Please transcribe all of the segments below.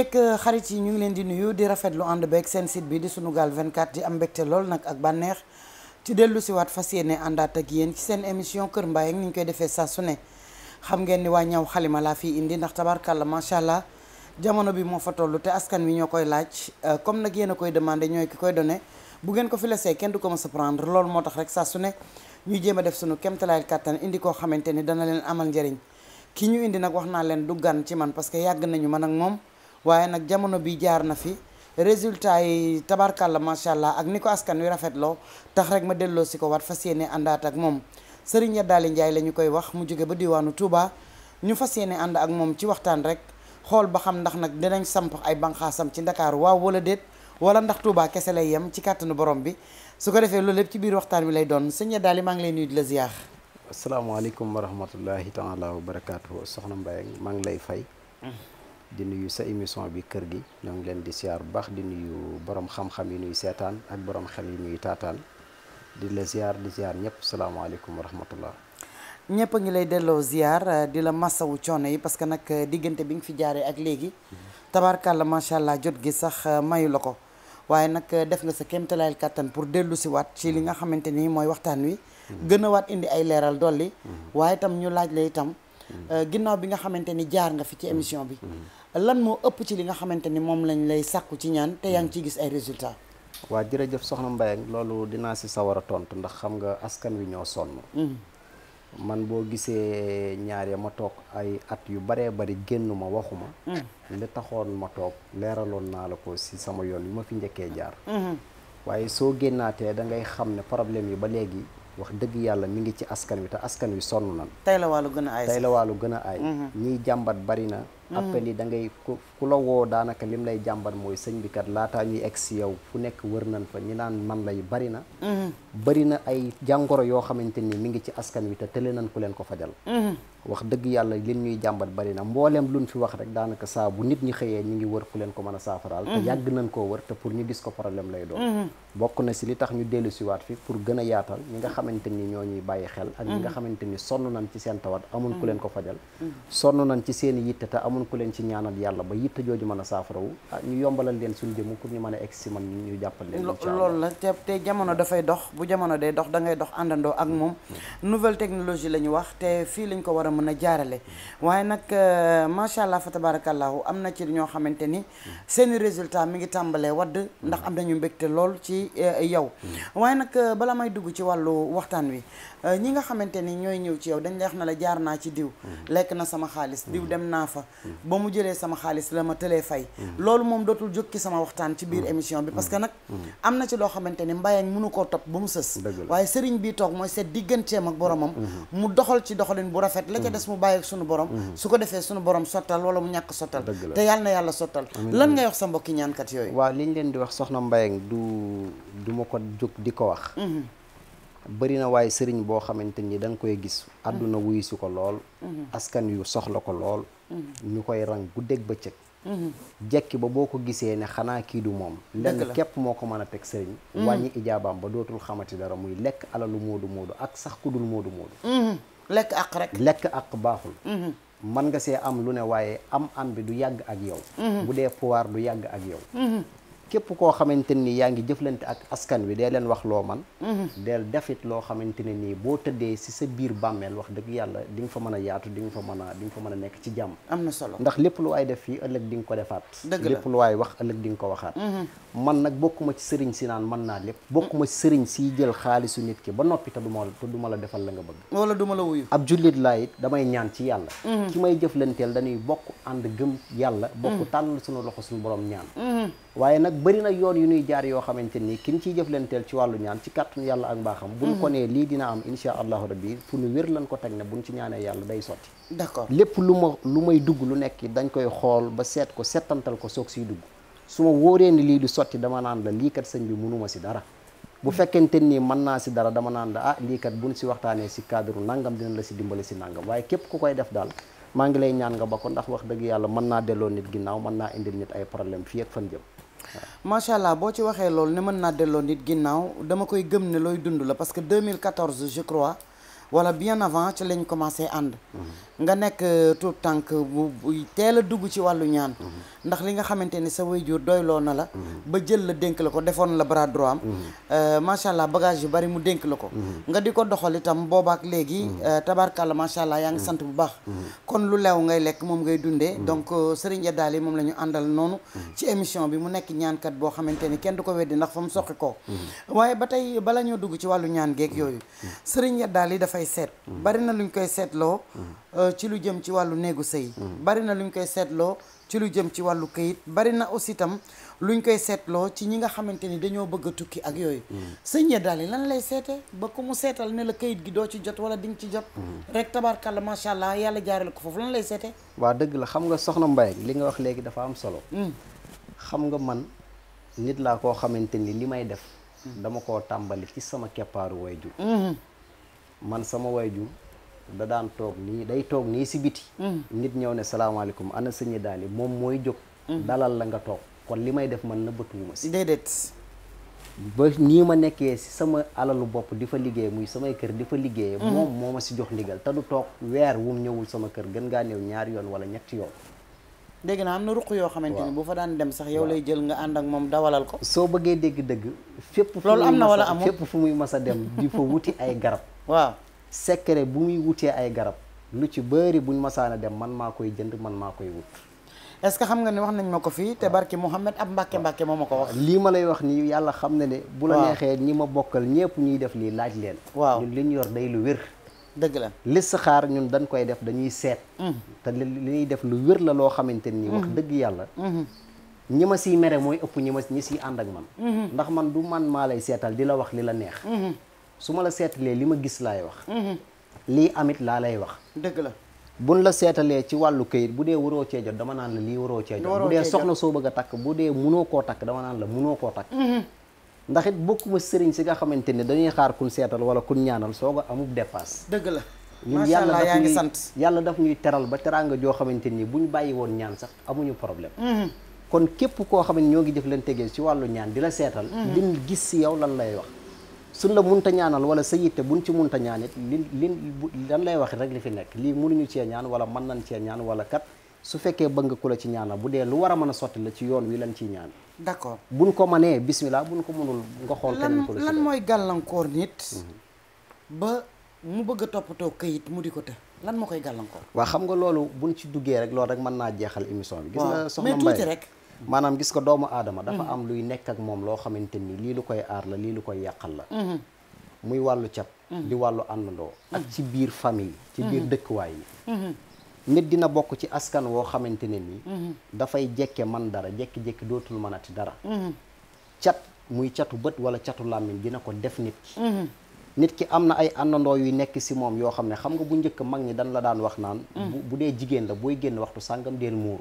yeeg euh, xarit yi ñu ngi leen di nuyu di rafetlu ànd beeg seen site bi di Sunugal 24 di am mbégte lool nag ak bànneex ci dellu siwaat fas yéene àndaat ak yéen ci seen émission Kër Mbaye ak ni ñu koy defee saa su ne xam ngeen ni waa ñaw xalima laa fii indi ndax tabarkàlla macha allah jamono bi moo fa toll te askan wi ñoo koy laaj euh, comme nag yéen a koy demandé ñooy ki koy donné bu ngeen ko fi lesee kenn du ko mës sa prendre lool moo tax rek saa su ne ñuy jéem a def sunu kemtalaayal kàttan indi koo xamante ni dana leen amal njëriñ ki ñu indi nag wax naa leen du gan ci man parce que yàgg nañu man a moom waaye nag jamono bi jaar na fi résultat yi la macha allah ak ni ko askan wi rafet loo tax rek ma delloo si ko waat fas yéene àndaat ak moom Serigne Yadaali Ndiaye la ñu koy wax mu jóge ba diwaanu Touba ñu fas yéene ànd ak moom ci waxtaan rek xool ba xam ndax nag dinañ samp ay banqaasam ci Ndakaaru waaw wala déet wala ndax Touba kese lay yem ci kàttanu borom bi su ko defee loolu lépp ci biir waxtaan wi lay doon Serigne Yadaali maa ngi lay nuyu di la ziar. asalaamaaleykum wa rahmatullahi taala wa barakaatu soxna Mbaye maa ngi lay fay. Mm. di nuyu sa émission bi kër gi ñoo ngi leen di siyaar bu baax di nuyu borom xam-xam yi nuy seetaan ak borom xel yu nuy taataan di la ziar di ziar ñëpp salaamaaleykum wa rahmatullah ñëpp a ngi lay delloo ziar euh, di la massawu coono yi parce que nag euh, diggante bi nga fi jaaree ak léegi mm-hmm. tabarkàlla macha allah jot gi sax euh, mayu la ko waaye nag def nga sa kéemtalaayal kàttan pour dellu si waat ci li nga mm-hmm. xamante ni mooy waxtaan wi mm-hmm. gën a waat indi ay leeral dolli waaye itam ñu laaj la itam ginnaaw bi nga xamante ni jaar nga fi ci émission bi lan moo ëpp ci li nga xamante ni moom lañ lay sàkku ci ñaan te yaa ngi ciy gis ay résultat waa jërëjëf soxna Mbaye loolu dinaa si sawar a tontu ndax xam nga askan wi ñoo sonn. Mm. man boo gisee ñaar ma toog ay at yu baree bari génn ma waxuma. Mm. li taxoon ma toog leeraloon naa la ko si sama yoon yu ma fi njëkkee jaar. Mm-hmm. waaye soo génnaatee da ngay xam ne problème yi ba léegi wax dëgg yàlla mi ngi ci askan wi te askan wi sonn na tey la gën a ay tey gën a aay. Mm-hmm. ñiy jàmbat bari na. Mm. appel yi da ngay ku la woo daanaka lim lay jàmbat mooy sëñ bi kat laataa ñuy egg si yow fu nekk wër nañ fa ñi naan man lay bari na mm. bari na ay jàngoro yoo xamante ni mi ngi ci askan wi te tële nañ ku leen ko fajal mm. wax dëgg yàlla lim ñuy jàmbat bari na mbooleem luñ fi wax rek daanaka saabu bu nit ñi xëyee ñu ngi wër ku leen ko mën a saafaraal te yàgg nañ koo wër te pour ñu dis ko problème lay doon bokk na si li tax ñu dellu siwaat fi pour gën a yaatal ñi nga xamante ni ñoo ñuy bàyyi xel ak ñi nga mm-hmm. xamante ni sonn nañ ci seen tawat amun ku mm-hmm. leen ko fajal mm-hmm. sonn nañ ci seen yitte te amun ku leen ci ñaanal yàlla ba yitte jooju mën a saafarawu ah, ñu yombalal leen suñu jëmm pour ñu mën a egg si man ñu jàppal leen loolu la te te jamono dafay dox bu jamono day dox dangay dox àndandoo ak moom nouvelle technologie la ñu wax te fii lañ ko war a mën a jaarale waaye nag euh, macha allah fa tabarakallahu am na ci ñoo xamante ni seen résultat mi ngi tàmbalee wadd ndax am nañu mbégte lool ci ci eh, yow mm. waaye nag eh, bala may dugg ci wàllu waxtaan wi Euh, ñi nga xamante ni ñooy ñëw ci yow dañ lay na la jaar naa ci diw mm-hmm. lekk na sama xaalis diw mm-hmm. dem naa fa mm-hmm. ba mu jëlee sama xaalis la ma tëlee fay loolu moom dootul jóg ci sama waxtaan ci biir émission bi parce que nag am na ci loo xamante ni mbayang mënu koo topp ba mu sës waaye sëriñ bi toog mooy seet digganteem ak boromam mu doxal ci doxalin bu rafet la ca des mu bàyyi ak sunu borom su ko defee sunu borom sottal wala mu ñàkk sottal te yàlla na yàlla sottal lan ngay wax sa mbokki ñaankat yooyu waaw liñ leen di wax soxna mbayang du du ma ko jóg di ko wax bëri na waaye sëriñ boo xamante ni danga koy gis àdduna mm-hmm. wuyu ko lool mm-hmm. askan yu soxla ko lool mm-hmm. ñu koy rang ba bëccëg jekki ba boo ko gisee ne xanaa kii du moom lenn képp moo ko mën a teg sëriñ wàññi ijaabaam ba dootul xamati dara muy lekk alalu moodu moodu ak sax ku dul moodu moodu lekk ak rek baaxul mën nga see am lu ne waaye am am bi du yàgg ak yow bu dee pouvoir du yàgg ak yow képp koo xamante ni yaa ngi jëflante ak askan wi dee leen wax loo man mhm. deel defit loo xamante ne nii boo tëddee si sa biir bàmmeel wax dëgg yàlla di nga fa man a yaatu di nga fa man a di nga fa a nekk ci jàmm am na solo ndax lépp lu waay def fii ëllëg di nga ko defaat dëgg la lépp lu waay wax ëllëg di nga ko waxaat mhm. man nag bokkuma ci sëriñ si naan man naa lépp bokkuma ci sëriñ siy jël xaalisu nit ki ba noppi te duma te duma la defal la nga bëgg wala duma la wuyu ab jullit laa damay ñaan ci yàlla mhm. ki may jëflanteel dañuy bokk ànd gëm yàlla bokk tàllal suñu loxo suñu borom ñaan waaye nag bëri na yoon yu nuy jaar yoo xamante ni kin ciy jëflanteel ci wàllu ñaan ci kàttanu yàlla ak mbaaxam buñ ko mhm. nee lii dina am insha allahu rabbi fu ñu wér lan ko teg ne buñ ci ñaanee yàlla day sotti d'accord lépp lu ma lu may dugg lu nekk dañ koy xool ba seet ko settantal ko soog siy dugg su ma wóoree ni lii du sotti dama naan la lii kat sëñ bi mënuma si dara bu mhm. fekkente ni mën naa si dara dama naan la ah lii bu nu si waxtaanee si cadre nangam dina la si dimbali si nangam waaye képp ku koy def daal maa ngi lay ñaan nga ba ko ndax wax dëgg yàlla mën naa delloo nit ginnaaw mën naa indil nit ay problème fii fan jëm macha allah boo ci waxee loolu ne mën naa delloo nit ginnaaw dama koy gëm ne looy dund la parce que 2014 je crois wala bien avant ci lañ commencé ànd. Mhm. nga nekk euh, tout tànk bu teel a dugg ci wàllu ñaan. Mhm. ndax li nga xamante ni sa wayjur doyloo na la ba jël la dénk la ko defoon la bras droit am mm-hmm. euh, macha allah bagage yu bari mu dénk la ko mm-hmm. nga di ko doxal itam boobaak léegi mm-hmm. euh, tabarkàlla macha allah yaa ngi sant bu baax kon lu leew ngay lekk moom ngay dundee donc euh, Serigne Yadaal yi moom la ñu àndal noonu ci émission bi mu nekk ñaankat boo xamante ni kenn du ko weddi ndax fa mu soqi koo waaye ba tey bala ñoo dugg ci wàllu ñaan geeg yooyu Serigne Yadaal yi dafay seet bari na luñ koy seetloo ci lu jëm ci wàllu néegu sëy bari na koy seetloo ci lu jëm ci wàllu kayit bari na itam lu luñ koy seetloo ci ñi nga xamante ni dañoo bëgg a tukki ak yooyu. Mm. sëñ ya daal yi lan lay seete ba ko mu seetal ne la kayit gi doo ci jot wala di ci jot. Mm. rek tabarkalla macha allah yàlla jaarale ko foofu lan lay seete. waa dëgg la xam nga soxna Mbaye li nga wax léegi dafa am solo. Mm. xam nga man nit laa koo xamante ni li may def. dama koo tàmbali ci sama keppaaru waajur. Mm-hmm. man sama waajur da daan toog nii day toog nii si biti mm. nit ñëw ne salaamaaleykum ana sëñi daali moom mooy jóg mm. dalal la nga toog kon li may def man na bët bëtuwuma si déedéet ba nii ma nekkee si sama alalu bopp di fa liggéey muy samay kër di fa liggéeye mm. moom ma si jox ndigal te du toog weer wum ñëwul sama kër gën gaa néew ñaari yoon wala ñett yoon dégg naa am na ruq yoo xamante ni bu fa daan dem sax yow lay jël nga ànd ak moom dawalal ko soo bëggee dégg dëgg fépp loolu am na wala fépp fu muy mas a dem di fa wuti ay garab secret bu muy wutee ay garab lu ci bëri buñ masaana dem man maa koy jënd man maa koy wut est-ce que xam nga ne wax nañ ma ko fii te barki Mouhamed ab Mbàkke Mbàkke moo ma ko wax lii ma lay wax nii yàlla xam ne ne bu la neexee ñi ma bokkal ñëpp ñuy def lii laaj leen waaw ñun li ñu yor day lu wér dëgg la listixaar ñun dañ koy def dañuy seet mm. te li def lu wér la loo xamante ni mm. wax dëgg yàlla mm-hmm. ñi ma siy mere mooy ëpp ñi ma ñi siy ànd ak man mm-hmm. ndax man du man maa lay seetal di la wax li la neex mm-hmm. su ma la seetalee li ma gis laay wax. Mhm. lii amit laa lay wax. dëgg la buñ la seetalee ci wàllu kayit bu dee waroo cee jot dama naan la lii waroo cee jot. bu dee soxna soo bëgg a takk bu dee munoo koo takk dama naan la munoo koo takk. Mhm. ndax it bokkuma sëriñ si nga xamante ne dañuy xaar kun seetal wala kun ñaanal soo ko amub dépasse. dëgg la macha allah yaa ngi sant yàlla daf ñuy teral ba teraanga joo xamante ni bu ñu bàyyi woon ñaan sax amuñu problème. Mhm. kon képp koo xam ne ñoo ngi jëflanteeg ci wàllu ñaan di la seetal. liñ gis si yow lan lay wax. suñ la munta ñaanal wala sa yitte buñ ci munta ñaanit li li lan lay wax rek li fi nekk lii mënuñu cee ñaan wala mën nañ cee ñaan wala kat su fekkee bëgg ku la ci ñaanal bu dee lu war a mën a sotti la ci yoon wi lañ ciy ñaan d'accord buñ ko mënee bismillah buñ ko mënul nga xool keneen ku lan mooy gàllankoor nit mhm. ba mu bëgg a toppatoo këyit mu di ko të lan moo koy gàllankoor waa xam nga loolu buñ ci duggee rek loolu rek mën naa jeexal émission bi gis nga soxna Mbaye rek maanaam gis ko doomu aadama dafa am luy nekk ak moom loo xamante ni lii lu koy aar la lii lu koy yàqal la mhm. muy wàllu cat mhm. di wàllu àndandoo ak ci biir famille ci biir mhm. dëkkuwaay yi nit dina bokk ci askan woo xamante ne ni dafay jekke man dara jekki-jekki dootul mënati dara cat muy catu bët wala catu làmmiñ dina ko def nit ki nit ki am na ay àndandoo yu nekk si moom yoo xam ne xam nga bu njëkk mag ñi dañ la daan wax naan bu dee jigéen la booy génn waxtu sàngam deel muuru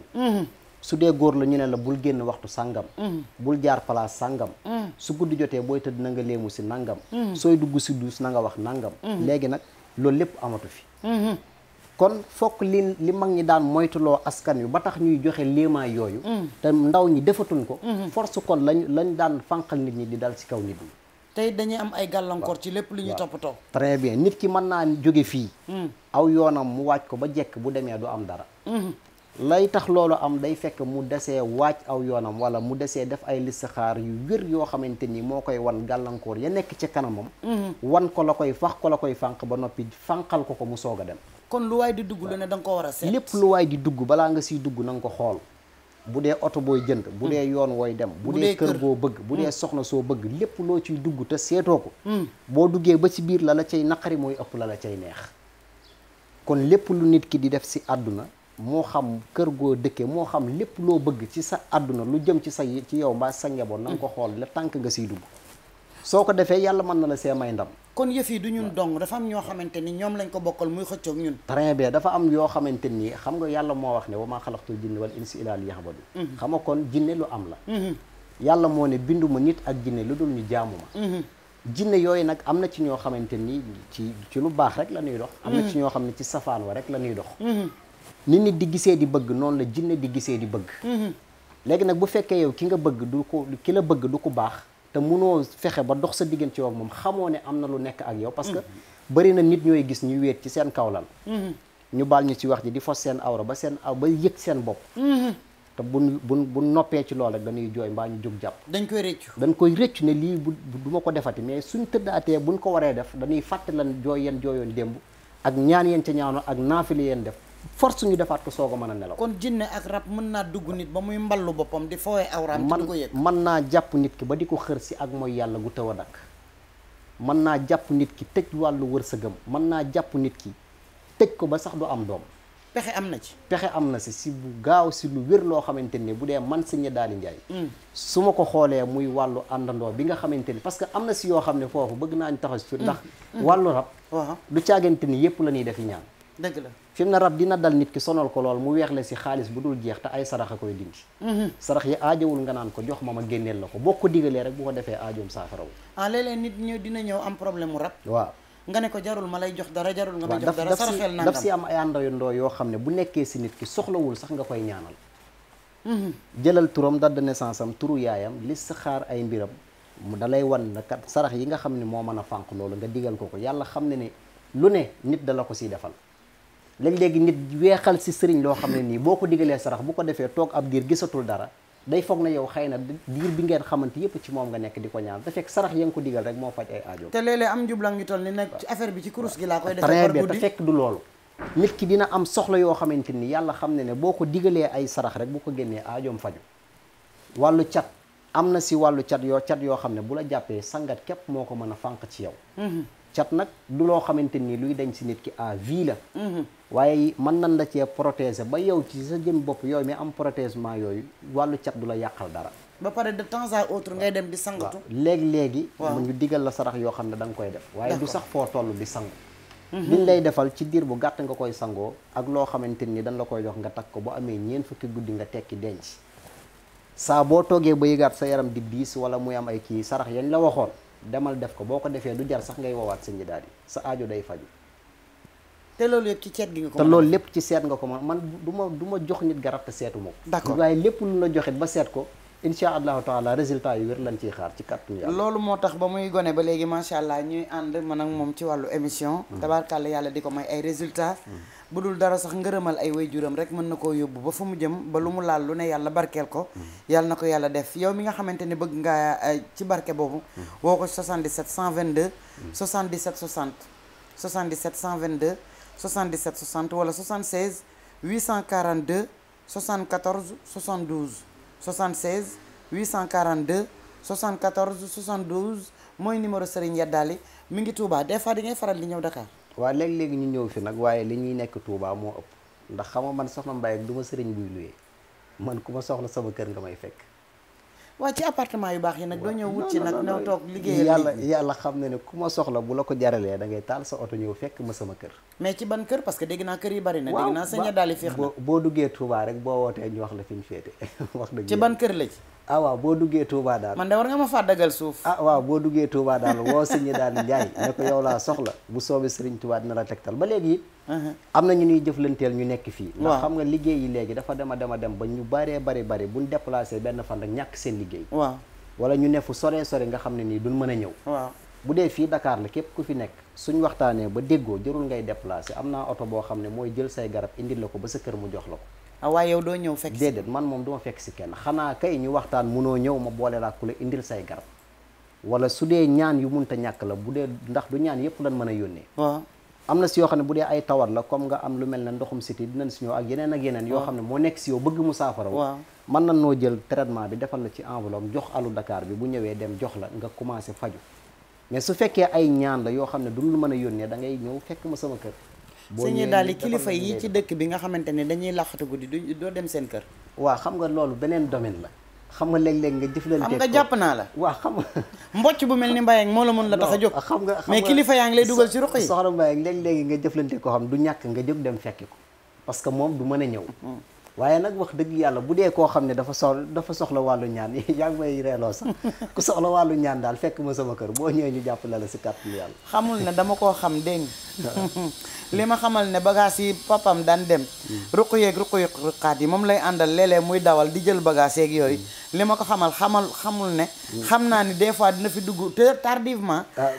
su dee góor la ñu ne la bul génn waxtu sàngam mm. bul jaar place sàngam mm. su guddi jotee booy tëdd na nga léemu si nangam mm. sooy dugg si duus na nga wax nangam léegi nag loolu lépp amatu fi mm-hmm. kon fokk li li mag ñi daan moytuloo askan wi ba tax ñuy joxe léemaay yooyu te ndaw ñi defatuñ ko mm-hmm. force kon lañ lañ daan fànqal nit ñi di dal si kaw nit ñi tey dañuy am ay gàllankoor ci lépp lu ñuy toppatoo très bien nit ki mën naa jóge fii aw yoonam mu wàcc ko ba jekk bu demee du am dara mm-hmm. lay tax loolu am day fekk mu desee waaj aw yoonam wala mu desee def ay listixaar yu wér yoo xamante ni moo koy wan gàllankoor ya nekk ci kanamam mhm. wan ko la koy fax ko la koy fànq ba noppi fànqal ko ko mu soog a dem kon lu waay di dugg lu ne da nga war a seet lépp lu waay di dugg balaa nga siy dugg na ko xool bu dee oto booy jënd bu dee mhm. yoon wooy dem bu dee kër bëgg bu dee mhm. soxna soo bëgg lépp loo ciy dugg te seetoo ko boo duggee ba ci biir la la cay naqari mooy ëpp la la cay neex kon lépp lu nit ki di def si àdduna moo xam kër goo dëkke moo xam lépp loo bëgg ci sa àdduna lu jëm ci sa ci yow mbaa sa njaboot na nga ko mm. xool la tànk nga siy dugg soo ko defee yàlla mën na la see may ndam kon yëf yi du ñun dong dafa am ñoo xamante ni ñoom lañ ko bokkal muy xëccoog ñun très dafa am yoo xamante nii xam nga yàlla moo wax ne wa maa xalaqtul jinne wal insi ilaa liya'budu mm-hmm. xam nga kon jinne lu am la mm-hmm. yàlla moo ne binduma nit ak jinne lu dul ñu jaamu ma mm-hmm. jinne yooyu nag am na ci ñoo xamante ni ci ci lu baax rek la ñuy dox am na ci ñoo xam ne ci safaan rek la ñuy dox ni nit di gisee di bëgg noonu la jinne di gisee di bëgg mhm. léegi nag bu fekkee yow ki nga bëgg du ko ki la bëgg du ko baax te munoo fexe ba dox sa diggante yow moom xamoo ne am na lu nekk ak yow parce que mhm. bari na nit ñooy gis ñu wéet ci seen lan mhm. ñu baal ñu ci wax ji di fos seen awra ba seen aw ba yëg seen bopp te bu bu bu noppee ci lool ak dañuy jooy mbaa ñu jóg jàpp dañ koy rëccu dañ koy rëccu ne lii bu du ma ko defati mais suñ tëddaatee buñ ko waree def dañuy fàtte lan jooy yeen jooyoon démb ak ñaan yeen ca ñaano ak naafili yeen def force ñu defaat ko soo ko mën a nelaw. kon jinne ak rab mën naa dugg nit ba muy mballu boppam di fooye awraam. man mën naa jàpp nit ki ba di ko xër si ak mooy yàlla gu taw a dakk mën naa jàpp nit ki tëj wàllu wërsëgam mën naa jàpp nit ki tëj ko ba sax du am doom. pexe am na ci. pexe am na si si bu gaaw si lu wér loo xamante ni bu dee man sëñ daali njaay mm. su ma ko xoolee muy wàllu àndandoo bi nga xamante ni parce que am na si yoo xam ne foofu bëgg naa ñu taxaw si. ndax mm. Mm. wàllu rab. du caagante ni yépp la ñuy defi ñaan. dëgg la fi mu ne rab dina dal nit ki sonal ko lool mu weex la si xaalis bu dul jeex te ay sarax a koy dindi mhm. sarax yi aajowul nga naan ko jox ma ma génneel la ko boo ko digalee rek bu ko defee aajoom saafarawu ah léeg-léeg nit ñëw dina ñëw am problème mu rab waaw nga ne ko jarul ma lay jox dara jarul nga may jox dara saraxeel nangam daf yoo xam ne bu nekkee si nit ki soxlawul sax nga koy ñaanal mhm. jëlal turam date de naissance am turu yaayam li sa ay mbiram mu da lay wan na kat sarax yi nga xam ne moo mën a fànq nga digal ko ko yàlla ne ne ne nit la ko siy defal léeg-léegi nit weexal si sëriñ loo xam ne nii boo ko digalee sarax bu ko defee toog ab diir gisatul dara day foog na yow xëy na diir bi ngeen xamante yëpp ci moom nga nekk di ko ñaan te fekk sarax ya nga ko digal rek moo faj ay aajo. te ni nag ci affaire bi ci kurus koy def très bien te loolu nit ki dina am soxla yoo xamante ni yàlla xam ne ne boo ko digalee ay sarax rek bu ko génnee ajoom faju wàllu cat am na si wàllu cat yoo cat yoo xam ne bu la jàppee sangat képp moo ko mën a fànq ci yow mhm. cat nag du loo xamante nii luy dañ si nit ki à vie la mhm. waaye mën nan la cee protéger ba yow ci sa jëm bopp yooyu mais am protégement yooyu wàllu cat du la yàqal dara ba pare de ten à autre ngay dem di sangatu léegi-léegi mu ñu digal la sarax yoo xam ne da nga koy def waaye du sax foo toll di sangu mhm. liñ lay defal ci diir bu gàtt nga koy sangoo ak loo xamante ni dañ la koy jox nga takk ko bu amee ñeen fukki guddi nga tekki denc saa boo toogee ba yëgaat sa yaram di diis wala muy am ay kii sarax yañ la waxoon demal def ko boo ko defee du jar sax ngay woowaat sëñ ji daal yi sa ajo day faj te loolu yëpp ci seet gi nga ko te loolu lépp ci seet nga ko man man du ma du ma jox nit garab te seetu ma ko. d'accord waaye lépp lu la joxit ba seet ko incha allahu taala résultat yu wér lañ ciy xaar ci kàttu yàlla loolu moo tax ba muy gone ba léegi macha allah ñuy ànd man ak moom ci wàllu émission mm. tabaarkàlla yàlla di ko may ay résultat mm. bu dul dara sax ngërëmal ay wéy waajuram rek mën na koo yóbbu ba fu mu jëm ba lu mu laal lu ne yàlla barkeel ko mm. yàlla na ko yàlla def yow mi nga xamante ne bëgg nga eh, ci barke boobu woo ko 77 122 77 60 77 122 77 60 wala 76 842 74 72 76 842 74 72 mooy numéro Serigne Yaddaali mu ngi tuubaa des fois di ngay faral di ñëw Dakar. waa léegi-léegi ñu ñëw fi nag waaye li ñuy nekk tuubaa moo ëpp ndax xam nga man soxna Mbaye du ma Serigne buy luwee man ku ma soxla sama kër nga may fekk. waa ci appartement yu baax yi nag doo ñëw wut ci nag ñëw toog liggéeyal yàlla yàlla xam na ne ku ma soxla bu la ko jaralee dangay ngay taal sa oto ñëw fekk ma sama kër mais ci ban kër parce que dégg naa kër yi bari na dégg naa saña daali féex na boo duggee Touba rek boo wootee ñu wax la fi ñu féete wax dëgg ci ban kër la ci ah waaw boo duggee Touba daal. man de war nga ma faa dagal suuf. ah waaw boo duggee Touba daal woo Sëñ Daani Njaay ne ko yow laa soxla bu soobee Sëriñ Touba dina la tegtal ba léegi it. Uh-huh. am na ñu ñuy jëflanteel ñu nekk fii. ndax xam nga liggéey yi léegi dafa dem a dem a dem ba ñu baree bari bari buñ déplacé benn fan rek ñàkk seen liggéey. waaw wala ñu ne fu sore sore nga xam ne nii duñ mën a ñëw. waaw bu dee fii Dakar la képp ku fi nekk suñ waxtaanee ba déggoo jërul ngay déplacé am naa oto boo xam ne mooy jël say garab indi la ko ba sa kër mu jox la ko Ah, waaye yow doo ñëw fekk si déedéet man moom du fekk si kenn xanaa kay ñu waxtaan munoo ñëw ma boole laa ku la indil say garab wala su dee ñaan yu munta ñàkk la bu dee ndax du ñaan yëpp lan mën a yónnee waaw am na si yoo xam ne bu dee ay tawat la comme nga am lu mel ne ndoxum siti dinañ si ñëw ak yeneen ak yeneen yoo xam ne moo nekk si yow bëgg mu saafara waaw mën na noo jël traitement bi defal la ci enveloppe jox alu dakaar bi bu ñëwee dem jox la nga commencé faju mais su fekkee ay ñaan yoo xam ne du lu mën a yónnee da ngay ñëw fekk ma sama kër sañee daal di kilifa yi ci dëkk bi nga xamante ne dañuy laqatu guddi du doo dem seen kër waa xam nga loolu beneen domaine la xam nga léeg-léeg nga jëflante xam nga jàpp naa la waaw xam nga mbocc bu mel ni mbayang moo la mën la tax a jóg xam nga mais kilifa yaa ngi lay dugal ci ruq yi soxna mbayang léeg-léeg nga jëflante ko xam du ñàkk nga jóg dem fekki ko parce que moom du mën a ñëw mm-hmm. waaye nag wax dëgg yàlla bu dee koo xam ne dafa soxla dafa soxla wàllu ñaan yaa ngi may reeloo sax ku soxla wàllu ñaan daal fekk ma sama kër boo ñëwee ñu jàpp la la si kàttanu yàlla xamul ne dama koo xam dégg li ma xamal ne bagages yi papam daan dem hmm. ruq yeeg ruq yeeg ruqaat yi moom lay àndal léeg muy dawal di jël bagages yeeg yooyu hmm. li ma ko xamal xamal xamul ne hmm. xam naa ni des fois dina fi dugg te tardivement ah,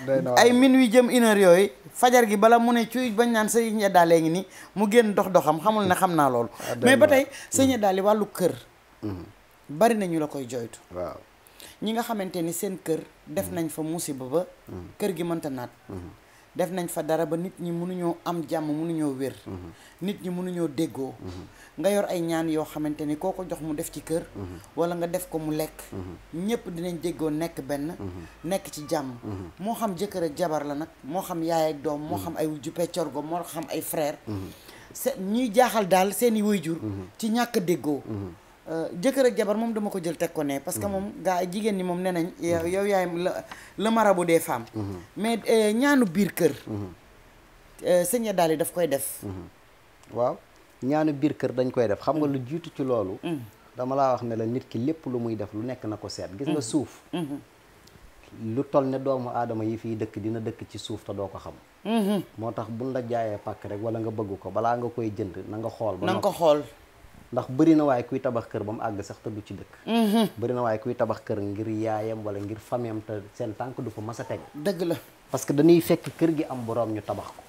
ay minuit jëm une heure yooyu fajar gi bala mu ne cuy bañ naan sa njeddaale ngi nii mu génn dox doxam xamul ne xam naa loolu ah, mais ba tey tey sëñ mm. Daly wàllu kër. Mm-hmm. bari na ñu la koy joytu waaw ñi nga xamante ni seen kër. def mm-hmm. nañ fa musiba ba. Mm-hmm. kër gi mënta naat. def nañ fa dara ba nit ñi mënuñoo am jàmm mënuñoo wér. nit ñi mënuñoo déggoo. nga yor ay ñaan yoo xamante ni koo ko jox mu def ci kër. wala nga def ko mu lekk. ñëpp dinañ déggoo nekk benn. nekk ci jàmm. moo xam jëkkër ak jabar la nag moo xam yaay ak doom moo xam ay wujju peccorgo moo xam ay frère. se ñuy jaaxal daal seeni i waajur mhm. ci ñàkk a déggoo mhm. euh, jëkkër ak jabar moom dama ko jël teg ko ne parce que mhm. moom gaa jigéen ñi moom nee nañ yow yaay ma marabout dee femmes mais euh, ñaanu biir kër euh, sëñ daal yi daf koy def waaw ñaanu biir kër dañ koy def xam nga lu jiitu ci loolu dama laa wax ne la nit ki lépp lu muy def lu nekk na ko seet gis nga suuf lu toll ne doomu aadama yi fiy dëkk dina dëkk ci suuf te doo ko xam moo tax bu buñ la jaayee pàkk rek wala nga bëgg ko balaa nga koy jënd na nga xool ba na nga ko xool ndax bëri na waaye kuy tabax kër ba mu àgg sax te du ci dëkk mhm. bëri na waaye kuy tabax kër ngir yaayam wala ngir famiyam te seen tànk du ko mas a teg dëgg la parce que dañuy fekk kër gi am boroom ñu tabax ko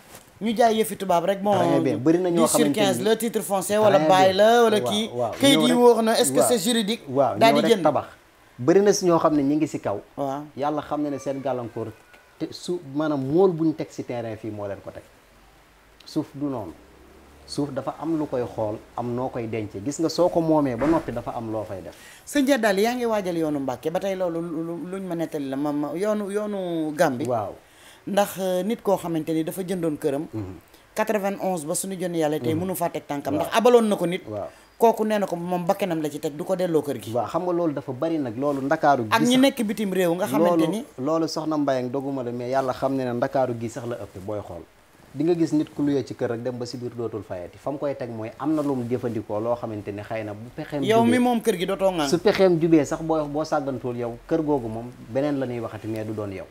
ñu jaay yëfi tubaab rek moo très bien bëri na ñoo xamante ni 15 la titre foncier wala bail la na est-ce que c'est juridique waaw daal di tabax bëri na si ñoo xam ne ñu ngi si kaw yàlla xam ne ne seen gàllankoor te su maanaam mool ñu teg si terrain fii moo leen ko teg suuf du noonu suuf dafa am lu koy xool am noo koy dencee gis nga soo ko moomee ba noppi dafa am loo fay def sa Jadal yaa ngi waajal yoonu Mbàkke ba tey loolu luñ ma nettali la ma yoonu yoonu Gàmbi waaw ndax euh, nit koo xamante ni dafa jëndoon këram 91 mhm. ba suñu jën yàlla tey mhm. mënu faa teg tànkam ndax abaloon na ko nit kooku nee na ko moom bakkanam la ci teg du ko delloo kër gi waaw xam nga loolu dafa bari nag loolu ndakaaru gi ak ñi nekk bitim réew nga xamante ni loolu soxna Mbayang doguma la xam ne ne ndakaaru gi sax la ëpp booy xool di nga gis nit ku luyee ci kër rek dem ba si biir dootul fayati fa mu koy teg mooy am na lu mu jëfandikoo loo xamante ne xay na bu pexeem yow mi moom kër gi dootoo ngaan su pexeem jubee sax boo boo sàggantuwul yow kër googu moom beneen la ñuy waxati mais du doon yow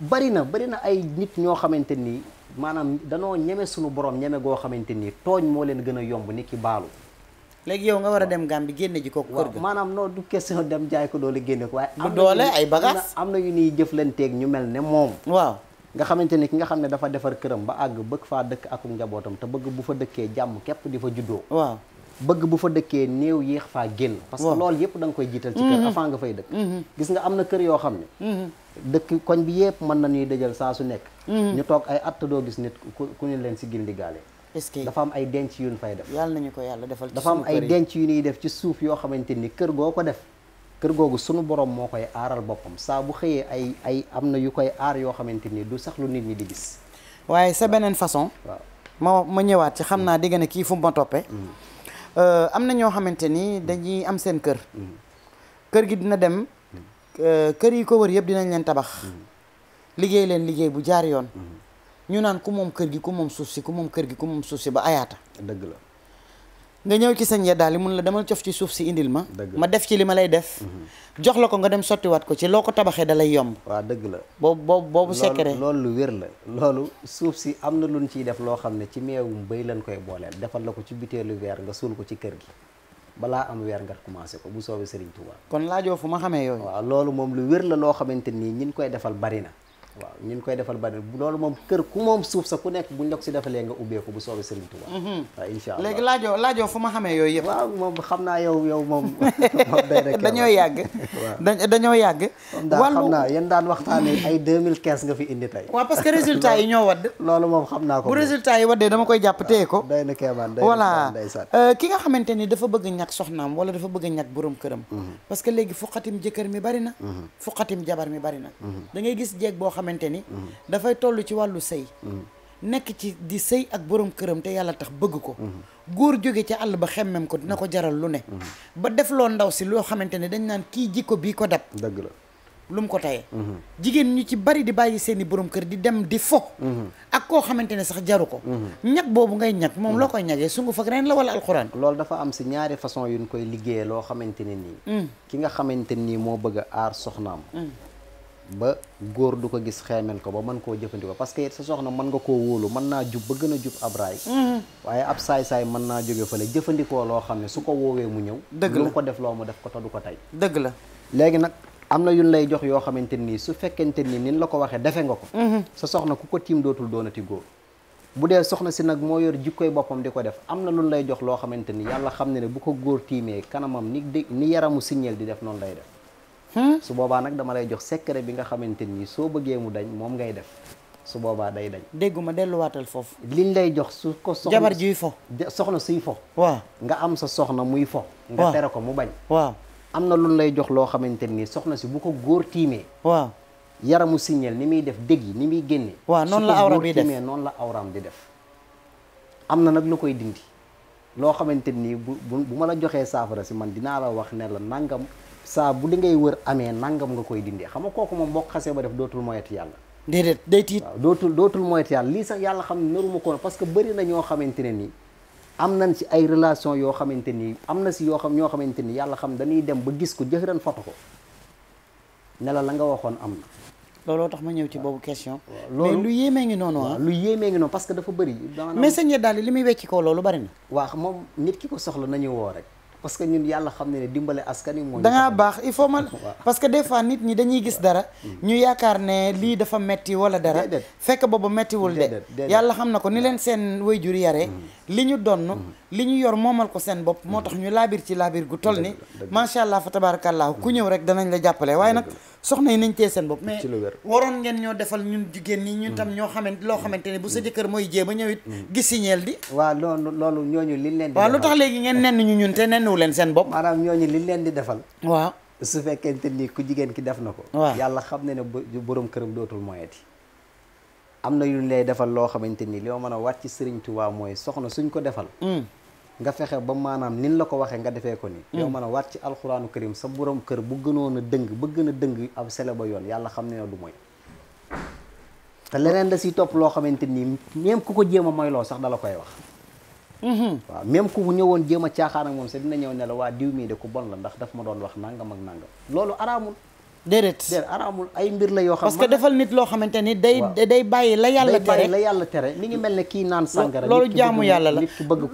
bari na bari na ay nit ñoo xamante nii maanaam danoo ñeme suñu borom ñeme goo xamante ni tooñ moo leen gën a yomb ni ki baalu léegi yow nga war a dem Gàmbi génne ji ko kër ga maanaam non du kes question dem jaay ko doole génne ko waaye du ay bagages am na yu ñuy jëflanteeg ñu mel ne moom waaw nga xamante ni ki nga xam ne dafa defar këram ba àgg bëgg faa dëkk akum njabootam te bëgg bu fa dëkkee jàmm képp di fa juddoo waaw bëgg bu fa dëkkee néew yéex faa génn parce que loolu yëpp da koy jiital ci kër mhm. avant nga fay dëkk mhm. gis nga am na kër yoo xam ne mhm. dëkk koñ bi yëpp mën na ñuy dajal saa su nekk ñu toog ay at doo gis nit ku ñu leen si gildigaale est-ce que dafa am ay denc yu ñu fay def yàlla nañu ko yàlla defal dafa am ay denc yu ñuy def ci suuf yoo xamante ni kër goo ko def kër googu sunu borom moo koy aaral boppam saa bu xëyee ay ay am na yu koy aar yoo xamante ni du sax lu nit ñi di gis waaye sa beneen façon ma ma ñëwaat ci xam mm. naa digg na kii fu mu toppee mm. Euh, am na ñoo xamante ni dañuy am seen kër kër gi dina dem euh, kër yi ko wër yëpp dinañ leen tabax liggéey leen liggéey bu jaar yoon mm-hmm. ñu naan ku moom kër gi ku moom suuf si ku moom kër gi ku moom suuf si ba ayaata dëgg la nga ñëw ci sañ ya daal li mun la demal jof ci suuf si indil ma ma def ci li ma lay def mhm. jox la ko nga dem sottiwaat ko ci loo ko tabaxee dalay lay yomb waaw dëgg la boobu boobu boobu secret loolu lu wér la loolu suuf si am na lu luñ ciy def loo xam ne ci meewum béy lañ koy booleel defal la ko ci butéelu weer nga suul ko ci kër gi balaa am weer nga commencé ko bu soobee Serigne Touba kon laajoo fu ma xamee yooyu waaw loolu moom lu wér la loo xamante nii ñin koy defal bari na waaw ñu koy defal ba loolu moom kër ku moom suuf sa ku nekk buñ la ko si defalee nga ubbeeku bu soobee Serigne Touba. Mhm. waaw incha allah laajoo laajoo fu ma xamee yooyu yëpp. waaw xam naa yow yow moom. moom day rek dañoo yàgg. waaw dañoo yàgg. wàllu xam naa yéen daan waxtaanee ay 2015 nga fi indi tey. waaw parce que résultat yi ñoo wadd. loolu moom xam naa ko bu résultat yi waddee dama koy jàpp téye ko. day na keemaan euh, ki nga xamante ni dafa bëgg ñàkk soxnaam wala dafa bëgg ñàkk borom këram. Mhm. parce que léegi fuqatim jëkkër mi bari na. Mhm. fuqatim jabar mi bari na xamante ni dafay toll ci wàllu sëy nekk ci di sëy ak boroom këram te yàlla tax bëgg ko góor jóge ca àll ba xemmem ko dina ko jaral lu ne ba def loo ndaw si loo xamante ne dañ naan kii jikko bii ko dab dëgg la lu mu ko tayee mhm. jigéen ñu ci bari di bàyyi seeni borom kër di dem di fo mhm. ak koo xamante ne sax jaru ko mhm. ñag boobu ngay ñag moom loo koy ñagee sungu fak reen la wala alxuraan loolu dafa am si ñaari façon ñu koy liggéeyee loo xamante ne nii mm. ki nga xamante bëgg a aar ba góor du ko gis xeemel ko ba mën koo jëfandikoo parce que sa soxna mën nga koo wóolu mën naa jub ba gën a jub ab raay mm-hmm. waaye ab saay-saay mën naa jóge fële jëfandikoo loo xam ne su ko woowee mu ñëw dëgg la ko def loo mu def ko te du ko tey dëgg la léegi nag am na yun lay jox yoo xamante nii su fekkente nii nin la ko waxee defe nga ko mm-hmm. sa soxna ku ko tiim dootul doonati góor bu dee soxna si nag moo yor jikkoy boppam di ko def am na lu lay jox loo xamante ni yàlla xam ne ne bu ko góor tiimee kanamam ni ni yaramu signal di def noonu lay def Hmm? su boobaa nag dama lay jox secret bi nga xamante nii soo bëggee mu dañ moom ngay def su boobaa day dañ. dégguma delluwaatal foofu. liñ lay jox su ko. soxna jabar juy fo. soxna suy fo. waaw nga am sa soxna muy fo. nga tere ko mu bañ. waaw am na luñ lay jox loo xamante ni soxna si bu ko góor tiimee. waaw yaramu signal ni muy def dégg yi ni muy génne. waa noonu la awram di def noonu la awram di def. am na nag lu koy dindi loo xamante nii bu bu ma la joxee saafara si man dinaa la wax ne la nangam. saa bu li ngay wër amee nangam nga koy dindee xam nga kooku moom boo xasee ba def dootul moyeti yàlla déedéet day tiit waaw dootul dootul moyeti yàlla lii sax yàlla xam ne naruma koon parce que bari na ñoo xamante ne nii am nañ ci ay relation yoo xamante ni am na si yoo xam ñoo xamante ni yàlla xam dañuy dem ba gis ko jëxëran foto ko ne la la nga waxoon am na looloo tax ma ñëw ci boobu question loolu mais lu yéemee ngi noonu ah lu yéemee ngi noonu parce que dafa bëri mais sëñ daal li muy wecci koo loolu bari na waaw moom nit ki ko soxla nañu woo rek parce que ñun yàlla xam ne ne dimbale askan wi moo dangaa baax il faut man parce que des fois nit ñi dañuy gis dara mm. ñu yaakaar ne lii dafa metti wala dara fekk boobu mettiwul de yàlla xam na ko ni leen seen way jur yare mm. li ñu donn mm. li ñu yor moomal ko seen bopp moo tax ñu laabir ci laabir gu toll ni macha allah fa tabarakallahu ku ñëw rek danañ la jàppale waaye nag soxna yi nañ tee seen bopp mais waroon ngeen ñoo defal ñun jigéen ñi ñun tam mm. ñoo xamante loo xamante ne bu sa mm. jëkkër mooy jéem a ñëwit mm. gis signeel di waaw loolu ñoo ñooñu liñ leen di waaw tax léegi ngeen nenn ñu ñun te nennuwu leen seen bopp maanaam ñooñu liñ leen di defal waaw su fekkente ni ku jigéen ki def na ko waaw yàlla xam ne ne boroom këram dootul yi am na yu lay defal loo xamante ni li ma mën a waat ci Sëriñ Tuubaa mooy soxna suñ ko defal nga fexe ba maanaam nin la ko waxee nga defee ko nii yow mën a waat ci alxuraanu karim sa borom kër bu gënoon a dëng ba gën a dëng ab sele ba yoon yàlla xam ne ne du mooy te leneen da si topp loo xamante nii même ku ko jéem a moyloo sax dala koy wax mm-hmm. waaw même ku ñëwoon jéem a caaxaan ak moom sax dina ñëw ne waa diw mii de ku bon la ndax daf ma doon wax nangam ak nangam loolu araamul déedéet déedéet araamul ay mbir la yoo xam parce que defal nit loo xamante ni day day bàyyi la yàlla tere la yàlla tere mi ngi mel ne kii naan sànkara loolu jaamu yàlla la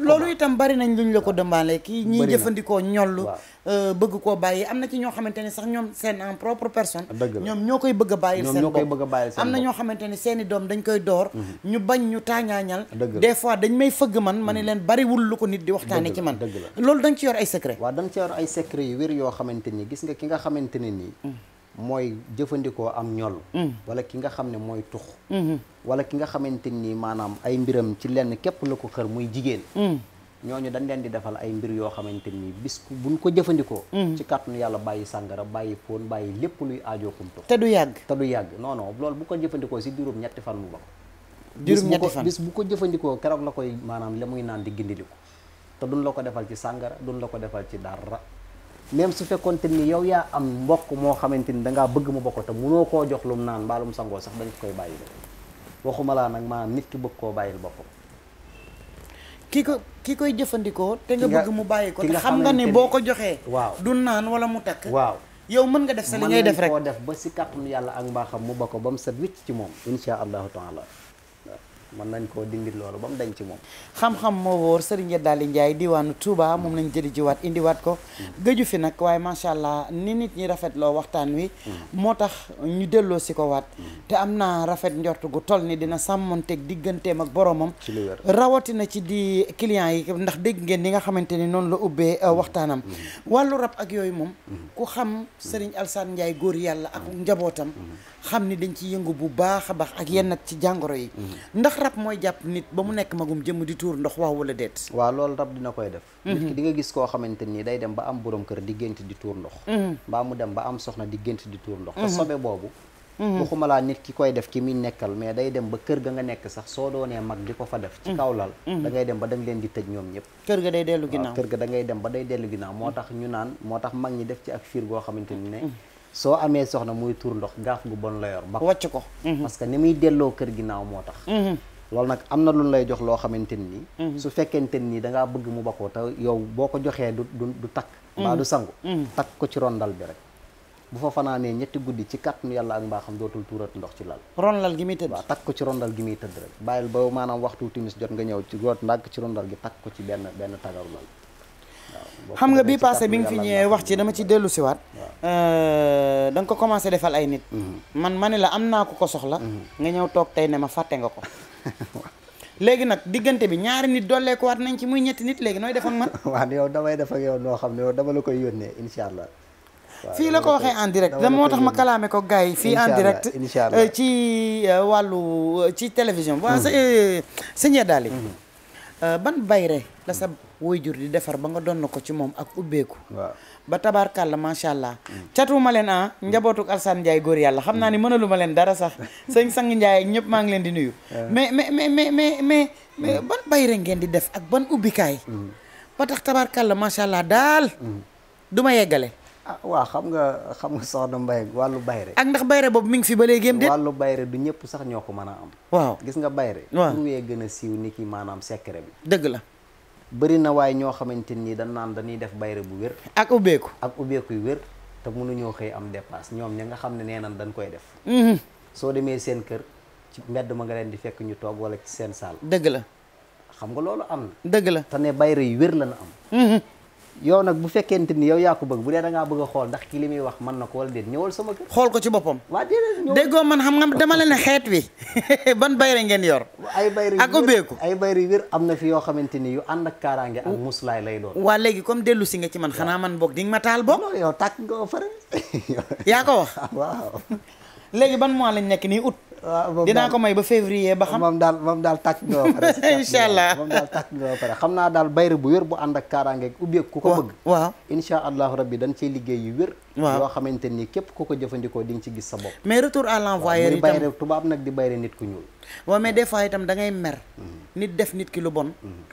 loolu itam bari nañ ñu la ko dëmbaale kii ñiy jëfandikoo ñollu euh, bëgg koo bàyyi am na ci ñoo xamante ni sax ñoom seen en propre personne ñoom ñoo koy bëgg a bàyyil seen bopp am na ñoo xamante ni seen i doom dañ koy door mhm. ñu bañ ñu taañaañal des fois dañ may fëgg man ma ne mhm. leen bariwul lu ko nit di waxtaane ci man loolu dañ ci yor ay secret waaw dañ ci yor ay secret yu wér yoo xamante ni gis nga ki nga xamante ne nii mm. mooy jëfandikoo am ñol mm. wala ki nga xam ne mooy tux mm-hmm. wala ki nga xamante ni maanaam ay mbiram ci lenn képp la ko xër muy jigéen mm. ñooñu dañ leen di defal ay mbir yoo xamante nii bis buñ ko jëfandikoo mm. ci kàttanu yàlla bàyyi sàngara bàyyi fóon lépp luy aajoo kumtu du yàgg te du yàgg non loolu bu ko jëfandikoo si juróom ñetti fan mu ba juróom ñetti fan bis bu ko jëfandikoo keroog la koy maanaam la muy naan di gindiliku te duñ la ko defal ci sàngara duñ la ko defal ci dara même su fekkoon fekkonte ni yow yaa am mbokk moo xamante ni da ngaa bëgg mu bokk te munoo koo jox lum naan mbaalum sangoo sax dañ koy bàyyi waxuma laa nag maa nit ki bëgg koo bàyyi boppam ki ko ki koy jëfandikoo te nga bëgg mu bàyyi ko te xam nga ni boo ko joxee waaw du naan wala mu takk waaw yow mën nga def sa li ngay def rek mën def ba si yàlla ak mbaaxam mu bokk ba mu set wicc ci moom insha allahu taala mën nañ koo dingit loolu ba mu dañ ci moom xam-xam moo wóor Serigne Yeddaali Ndiaye diwaanu Touba mm. moom lañ jëli jiwaat indiwaat ko mm. gëju fi nag waaye macha allah ni nit ñi rafet loo waxtaan wi mm. moo tax ñu delloo si ko waat te am naa rafet njort gu tol ni dina sàmmoon teg digganteem ak boromam rawatina ci di clients yi ndax dégg ngeen ni nga xamante ni noonu la ubbee euh, waxtaanam wàllu rab ak yooyu moom ku xam Serigne Alassane Ndiaye góor yàlla ak njabootam xam ni dañ ci yëngu bu baax a baax ak yenn nag ci jàngoro yi mm-hmm. ndax rab mooy jàpp nit ba mu nekk magum jëmm di tuur ndox waaw wala déet waaw loolu rab dina koy def mm-hmm. nit ki di nga gis koo xamante nii day dem ba am borom kër di di tuur ndox mm-hmm. mbaa mu dem ba am soxna di gént di tuur ndox te sobe boobu waxuma laa nit ki koy def ki muy nekkal mais day dem ba kër ga nga nekk sax soo doonee mag di ko fa def ci kaw lal da ngay dem ba da nga leen di tëj ñoom ñëpp kër ga day dellu ginnaaw kër ga dangay dem ba day dellu ginnaaw moo tax ñu naan moo tax mag ñi def ci ak fiir goo xamante ni ne soo amee soxna muy tuur ndox gaaf gu bon la yor ba wàcc ko mm-hmm. Mm-hmm. parce que ni muy delloo kër ginnaaw moo tax mm-hmm. loolu nag am na lu ñu lay jox loo xamante ni su fekkente ni da ngaa bëgg mu bakoo te yow boo ko joxee du du takk mbaa du sangu takk ko ci rondal bi rek bu fa fanaanee ñetti guddi ci kàttanu yàlla ak mbaaxam dootul tuurat ndox ci lal rondal gi muy tëdd waaw takk ko ci rondal gi muy tëdd rek bàyyil ba maanaam waxtu timis jot nga ñëw ci root ndànk ci rondal gi takk ko ci benn benn tagar lal xam nga bii passé bi nga fi ñëwee wax ci dama ci dellu siwaat euh, da nga ko commencé defal ay nit mhm. man ma ne la am naa ko ko soxla mhm. nga ñëw toog tey ne ma fàtte nga ko léegi nag diggante bi ñaari nit dolleeku waat nañ ci muy ñetti nit léegi nooy def ak man waaw yow damay def ak yow noo xam ne yow dama la koy yónnee incha allah fii la ko waxee en direct da moo tax ma kalaame ko gars yi fii en direct euh, ci euh, wàllu ci télévision waaw mhm. sa sëñee daal yi ban bayre la sa woy jur di defar ba nga doon na ko ci moom ak ubbeeku ba tabaarkàlla macha allah catuma leen ah njabootuk Alsaan Njaay góor yàlla xam naa ni mënalu ma leen dara sax sëñ sang Njaay ñëpp maa ngi leen di nuyu mais mais mais mais mais mais mm. ban bayre ngeen di def ak ban ubbikaay mm. ba tax tabaarkàlla macha allah daal mm. du ma yeggale ah xam nga xam nga soxna Mbaye wàllu bayre ak ndax bayre boobu mi ngi fi ba léegi de wàllu bayre du ñëpp sax ñoo ko mën a am waaw gis nga bayre waaw pour wee gën a siiw ni ki maanaam secret bi dëgg la bëri na waaye ñoo xamante nii dañ naan dañuy def bayre bu wér ak ubbeeku ak ubbeeku yu wér te mënuñoo xëy am dépasse ñoom ña nga xam ne nee nan dañ koy def mm-hmm. soo demee seen kër ci mbedd ma nga leen di fekk ñu toog wala seen saal dëgg la xam nga loolu am na dëgg la te ne bayre yu wér la na am mm-hmm. yow nag bu fekkente ni yow yaa ko bëgg bu dee da ngaa bëgg xool ndax ki li muy wax mën na ko wala déet ñëwal sama kër. xool ko ci boppam. waa déedéet déggoo man xam nga dama na xeet wi ban bayre ngeen yor. ay bayre yu wér ak ubbeeku ay bayre yu am na fi yoo xamante ni yu ànd ak kaaraange ak muslaay lay doon. waa léegi comme dellu si nga ci man xanaa man boog di ma taal boog. yow tàkk nga ko fële. yaa ko wax. waaw léegi ban mois lañ nekk nii ut Ah, dinaa ko may ba février ba xam moom daal daal tàcc nga ba pare incha allah moom daal tàcc nga ba xam naa daal bayre bu wér bu ànd ak kaaraangeeg ubbi ku ko bëgg waaw incha allahu rabbi dañ ciy liggéey yu wér waaw yoo xamante ni képp ku ko jëfandikoo di ci gis sa bopp mais retour à l'envoyeur itam bayre tubaab nag di bayre nit ku ñuul waaw mais des fois itam da ngay mer mm-hmm. nit def nit ki lu bon mm-hmm.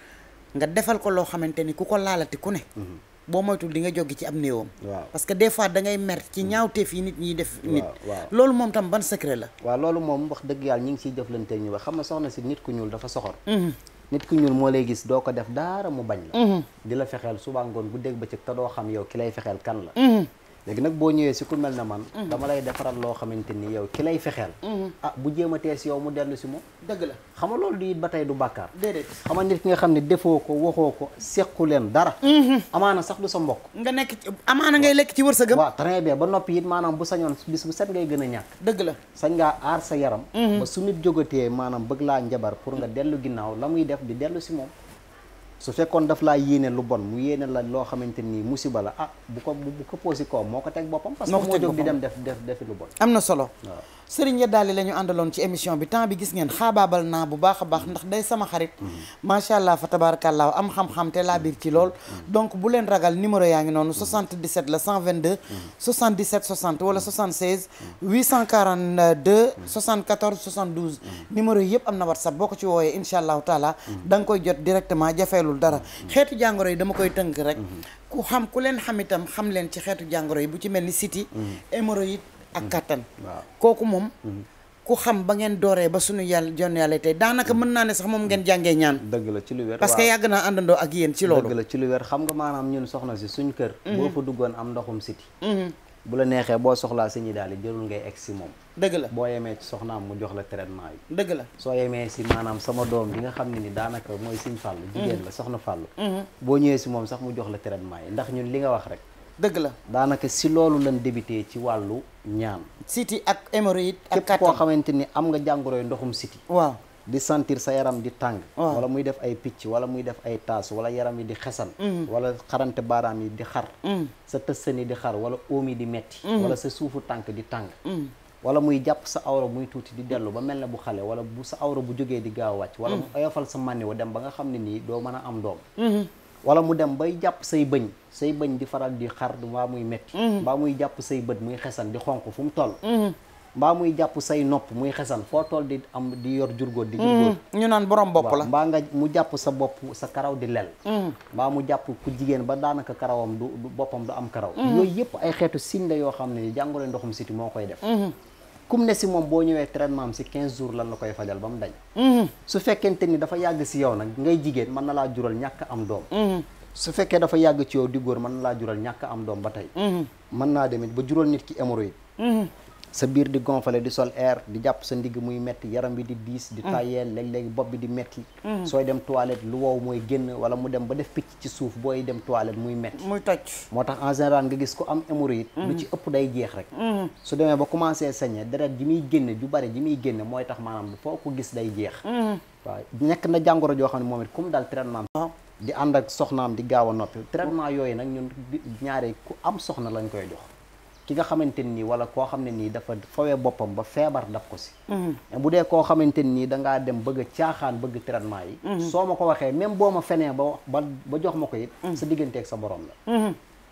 nga defal ko loo xamante ni ku ko laalati ku ne mm-hmm. boo moytul di nga jóge ci am néewam parce que des fois da ngay mer ci mm. ñaawteef yi nit ñiy def nit loolu moom tam ban secret la waaw loolu moom wax dëgg yàlla ñi ngi siy jëflante ñu wax xam nga soxna si nit ku ñuul dafa soxor mm-hmm. nit ku ñuul moo lay gis doo ko def daara mu bañ la mm-hmm. di la fexeel suba ngoon bu dégg bëccëg te doo xam yow ki lay fexeel kan la mm-hmm. léegi nag boo ñëwee si ku mel ne man mhm. dama lay defaral loo xamante ni yow ki lay fexeel mhm. ah bu jéem a tees yow mu dellu si moom dëgg la xam nga loolu du it ba tey du bàkkaar déedéet xam nga nit ki nga xam ne defoo ko waxoo ko sequ leen dara mhm. amaana sax du sa mbokk nga nekk ci amaana ngay lekk ci wërsëgam waaw très bien ba noppi it maanaam bu sañoon bis bu set ngay gën a ñàkk dëgg la sañ ngaa aar sa yaram ba su nit jógatee maanaam bëgg laa njabar pour nga dellu ginnaaw la muy def di dellu si moom su fekkoon daf laa yéene lu bon mu yéene la loo xamante ni musiba la ah bu ko bu ko posé ko moo ko teg boppam. parce que moo jóg di dem def def defi lu bon. am na solo. waaw Serigne Yadaly la ñu àndaloon ci émission bi temps bi gis ngeen xaabaabal naa bu baax a baax ndax day sama xarit. Mm-hmm. macha allah fa tabaarakallaa am xam-xam te laa biir ci lool. Mm-hmm. donc bu leen ragal numéro yaa ngi noonu 77 mm-hmm. la 122. 77 60 wala 76. 842 74 72. numéro yëpp am na whatsapp boo ko ci woowee incha allahu taala da koy jot directement jafeelu. yàqul dara xeetu jàngoro yi dama koy tënk rek ku xam ku leen xam itam xam leen ci xeetu jàngoro yi bu ci mel ni siti hémorroïde ak mm-hmm. kattan kooku moom mm-hmm. ku xam ba ngeen dooree ba suñu yàlla jon yàlla tey daanaka mm-hmm. mën naa ne sax moom ngeen jàngee ñaan dëgg la ci lu wér parce que yàgg naa àndandoo ak yéen ci loolu dëgg la ci lu wér xam nga maanaam ñun soxna si suñ kër boo fa duggoon am ndoxum siti bu la neexee boo soxlaa sañuy daal di jërul ngay egg moom dëgg la boo yemee ci soxnaam mu jox la traitement yi la soo yemee si maanaam sama doom bi nga xam ne ni daanaka mooy siñ fàllu mm-hmm. jigéen la soxna fàllu mm-hmm. boo ñëwee si moom sax mu jox la traitement yi ndax ñun li nga wax rek dëgg la daanaka si loolu lan débuté ci wàllu ñaan siti ak hémorroïde ak képp koo xamante ni am nga jàngoroy ndoxum siti waaw di sentir sa yaram di tàng wala muy def ay picc wala muy def ay taas wala yaram yi di xesan mm-hmm. wala xarante baaraam yi di xar sa tëssani di xar wala óom di metti wala sa tànk di tàng wala muy jàpp sa awra muy tuuti di dellu ba mel na bu xale wala bu sa awra bu jógee di gaaw wàcc wala mu mm. oyofal sa mànni wa dem ba nga xam ne nii doo mën a am doom mm-hmm. wala mu dem bay jàpp say bëñ say bëñ di faral di xar mbaa muy metti mm-hmm. mbaa muy jàpp say bët muy xesan di xonq fu mu toll mm-hmm. mbaa muy jàpp say nopp muy xesan foo toll di am di yor jurgóor di jurgóor ñu naan borom bopp la mbaa nga mu jàpp sa bopp sa karaw di lel mbaa mu jàpp ku jigéen ba daanaka karawam du boppam du am karaw yooyu yëpp ay xeetu signe la yoo xam ne jàngoro ndoxum siti moo koy def kum ne si moom boo ñëwee traitement am si 15 jours lan la koy fajal ba mu dañ. Mhm. su fekkente ni dafa yàgg si yow nag ngay jigéen mën na laa jural ñàkk am doom. Mhm. su fekkee dafa yàgg ci yow di góor mën na laa jural ñàkk am doom ba tey. Mhm. mën naa demit ba jural nit ki hémorroïde. sa biir di gonfale di sol air di jàpp sa ndigg muy metti yaram bi di diis di mm. tayeel léeg-léeg bopp bi di metti mm. sooy dem toilette lu wow mooy génn wala mu dem ba def picc ci suuf booy dem toilette muy metti muy toj moo tax en général nga gis ku am hémorroïde lu mm. ci ëpp day jeex rek su demee ba commencé sañe deret ji muy génne ju bari ji muy génne mooy tax maanaam foo ko gis day jeex waaw nekk na jàngoro joo xam ne moom it comme daal traitement di ànd ak soxnaam di gaaw a traitement yooyu nag ñun ñaare ku am soxna lañ koy jox ki nga xamante nii wala koo xam ne nii dafa fawee boppam ba feebar daf ko si mhm. bu dee koo xamante nii dangaa dem bëgg a caaxaan bëgg traitement yi mhm. soo ma ko waxee même boo ma fenee ba ba jox ma ko it mhm. sa digganteeg sa borom la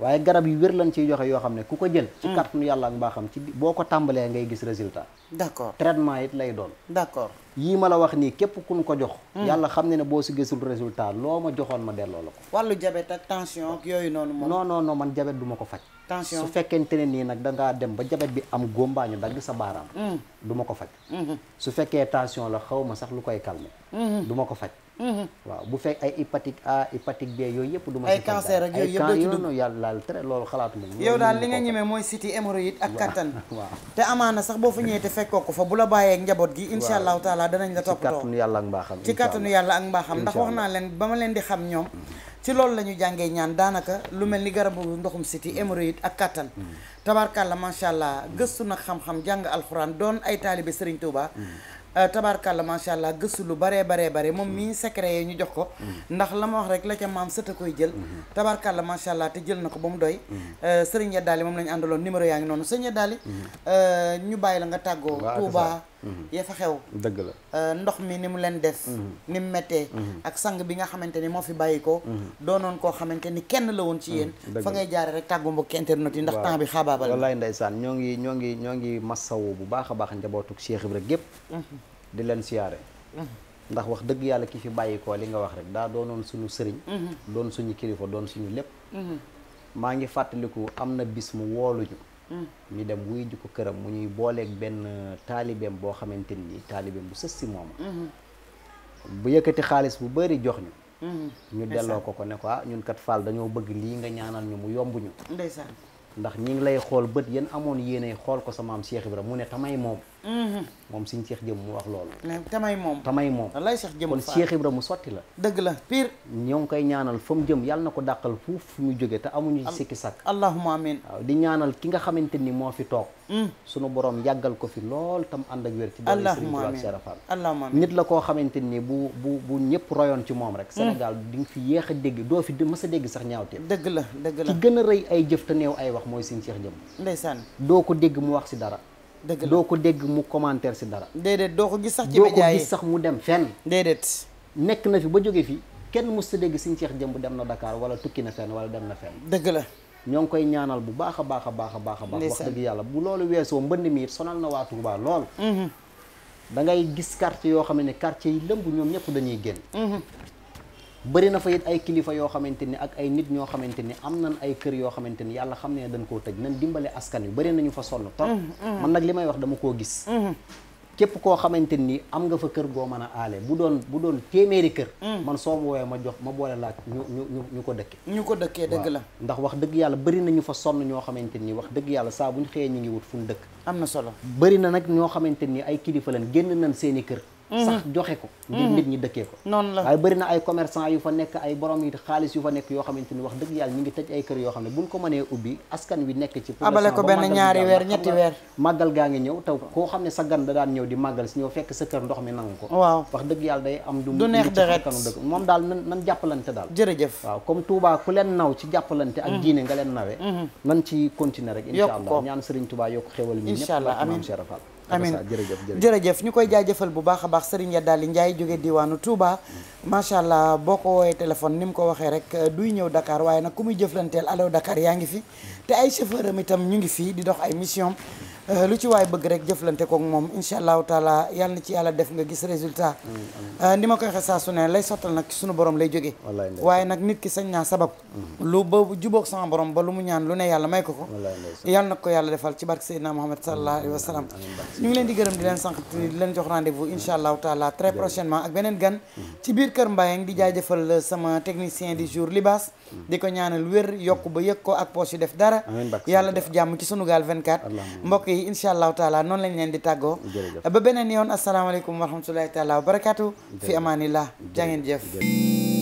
waaye garab yu wér lañ ciy joxe yoo xam ne ku ko jël ci mm. kàttanu yàlla ak mbaaxam ci boo ko tàmbalee ngay gis résultat d'accord traitement it lay doon d'accord yii ma la wax nii képp kuñ ko jox mm. yàlla xam ne ne boo si gisul résultat loo ma joxoon ma delloo la ko wàllu jabet ak tension ak yooyu noonu moom non non non man jabet du ma ko faj tension su fekkente ne nii nag dangaa dem ba jabet bi am gómbaañu dagg sa baaraam mm. du ma ko faj mm-hmm. su fekkee tension la xaw ma sax lu koy calmer mm-hmm. du ko faj Mm-hmm. waaw bu fekk ay hépatique A B yooyu yëpp. duma ma ay cancer ak yooyu yëpp doo ci laal très loolu xalaatu yow daal li nga ñemee mooy siti hémorroïde ak kattan bi. waaw te amaana sax boo fa ñëwee te fekkoo ko fa bu la bàyyee ak njaboot gi. waaw incha allahu taala danañ la toppatoo ci kattanu ak mbaaxam. ci kattanu yàlla ak mbaaxam ndax wax naa leen ba ma leen di xam ñoom. Mm-hmm. ci loolu la ñu jàngee ñaan daanaka lu mel ni garabu ndoxum siti mm-hmm. hémorroïde ak kattan. tabarkàlla macha allah gëstu nag xam-xam jàng alxuraan doon ay taalibe Serigne Touba Euh, tabarkàlla macha allah gëstu lu baree baree bare moom mii secret yi ñu jox ko mm-hmm. ndax la ma wax rek la ca maam a koy jël mm-hmm. tabarkàlla macha allah te jël na ko ba mu doy mm-hmm. euh, sëriñ Yadaali moom lañu ñu àndaloon numéro yaa ngi noonu sëriñ Yadaali euh, ñu bàyyi la nga tàggoo Touba ya fa xew dëgg la euh, ndox mi ni mu leen des mm-hmm. ni mu méttee mm-hmm. ak sang bi nga xamante ni moo fi bàyyi ko mm-hmm. doonoon koo xamante ni kenn la woon ci yéen fa ngay jaare rek tàggu mbokk internet yi ndax temps bi xaabaabal wallaay ndeysaan ñoo ngi ñoo ngi ñoo ngi massawu bu baax a baax njabootuk Cheikh Ibra gépp di leen siyaare ndax wax dëgg yàlla ki fi bàyyikoo li nga wax rek daa doonoon suñu sëriñ doon suñu kilifa doon suñu lépp maa ngi fàttaliku am na bis mu wooluñu ñu dem wuy ji këram mu ñuy booleek benn taalibeem boo xamante ni taalibeem bu sës si moom mm-hmm. bu yëkkati xaalis bu bëri jox ñu mm-hmm. ñu delloo ko ko ne ko ah, ñun kat Fall dañoo bëgg lii nga ñaanal ñu mu yombuñu ñu ndax ñi ngi lay xool bët yéen amoon yéenay xool ko sa maam Cheikh Ibrahima mu ne tamay moom Mm-hmm. moom suñ Cheikh Jëm mu wax loolu tamay moom tamay moom wallaay Cheikh Jëm kon Cheikh mu sotti la dëgg la pire ñoo ngi koy ñaanal fa jëm yàlla na ko dàqal fuuf fu mu jóge te amuñu ci sikki sakk allahumma di ñaanal ki nga xamante ni moo fi toog mm. sunu borom yàggal ko fi lool tam ànd ak wér ci doole Sëriñ Tuubaa Serafal allahumma la koo xamante ni bu bu bu ñëpp royoon ci moom rek mm. Sénégal di nga fi yéex a dégg doo fi mës a dégg sax ñaawteel dëgg la dëgg la gën a rëy ay jëf te néew ay wax mooy suñ Cheikh Jëm ndeysaan doo ko dégg mu wax si dara doo ko dégg mu commentaire si dara. déedéet doo ko gis sax ci média sax mu dem fenn. déedéet. nekk na fi ba jóge fi kenn mës sa dégg suñu seex jëmb dem na Dakar wala tukki na fenn wala dem na fenn. dëgg la. ñoo ngi koy ñaanal bu baax a baax a baax a baax a baax wax dëgg yàlla bu loolu weesoo mbënd mi it sonal na waa Touba lool mhm. da ngay gis quartier yoo xam ne ne quartier yi lëmb ñoom ñëpp dañuy génn mhm. bari na fa it ay kilifa yoo xamante ni ak ay nit ñoo xamante ni am nañ ay kër yoo xamante ni yàlla xam ne dañ koo tëj nañ dimbale askan wi bëri nañu fa sonn trop mm, mm. man nag li wax dama koo gis mm. képp koo xamante ni am nga fa kër goo mën a aale bu doon bu doon téeméeri kër man soo woowee ma jox ma boole laaj ñu ñu ñu ko dëkke ñu ko dëkkee dëgg la ndax wax dëgg yàlla bëri nañu fa sonn ñoo xamante ni wax dëgg yàlla saa bu ñu xëyee ñu ngi wut fu ñu dëkk am na solo bari na nag ñoo xamante ni ay kilifa lan génn nañ seeni kër sax mhm. joxe ko mhm. ngir nit ñi dëkkee ko noonu la waaye bëri na ay commerçant yu fa nekk ay borom yi xaalis yu fa nekk yoo xamante ni wax dëgg yàlla ñu ngi tëj ay kër yoo xam ne buñ ko mënee ubbi askan wi nekk ci abale ko benn ñaari weer gaa ngi ñëw taw koo xam ne sa gan da daan ñëw di màggal si fekk sa kër ndox mi nangu ko waaw wax dëgg yàlla day am du neex dëkkanu dëkk moom daal nan nan jàppalante daal jërëjëf waaw comme Touba ku leen naw ci jàppalante ak mhm. diine nga leen nawee nan ci continuer rek incha allah ñaan Serigne Touba yokk xewal ñi ñëpp amiin amiin jërëjëf ñu koy jaajëfal bu baax a baax Serigne Yadali Ndiaye jóge diwaanu Touba mm. macha allah boo ko woowee téléphone ni mu ko waxee rek euh, duy ñëw Dakar waaye nag ku muy jëflanteel allo Dakar yaa ngi fi mm. te ay chauffeur itam ñu ngi fii di dox ay mission Euh, lu ci waay bëgg rek jëflante kook moom incha allahu taala yàlla na ci yàlla def nga gis résultat euh, ni ma koy waxee saa su ne lay sottal nag sunu borom lay jógee waaye nag nit ki sañ naa sabab mhm. lu ba jubook sama borom ba lu mu ñaan lu ne yàlla may ko ko yàlla nag yàlla defal ci barke Seydina Muhammad sallallahu alayhi wa ñu ngi leen di gërëm di leen sant di leen jox rendez-vous incha allahu taala très prochainement ak beneen gan mhm. ci biir Kër Mbayang di jaajëfal sama technicien du jour Libas mhm. di ko ñaanal wér yokk ba yëg ko ak poche yu def dara yàlla def jàmm ci Sunugal 24 mbokk yi incha allahu taala noonu lañ leen di tàggoo ba beneen yoon asalaamaaleykum wa rahmatulahi taala wa barakaatu fi amaanillah jaa ngeen jëf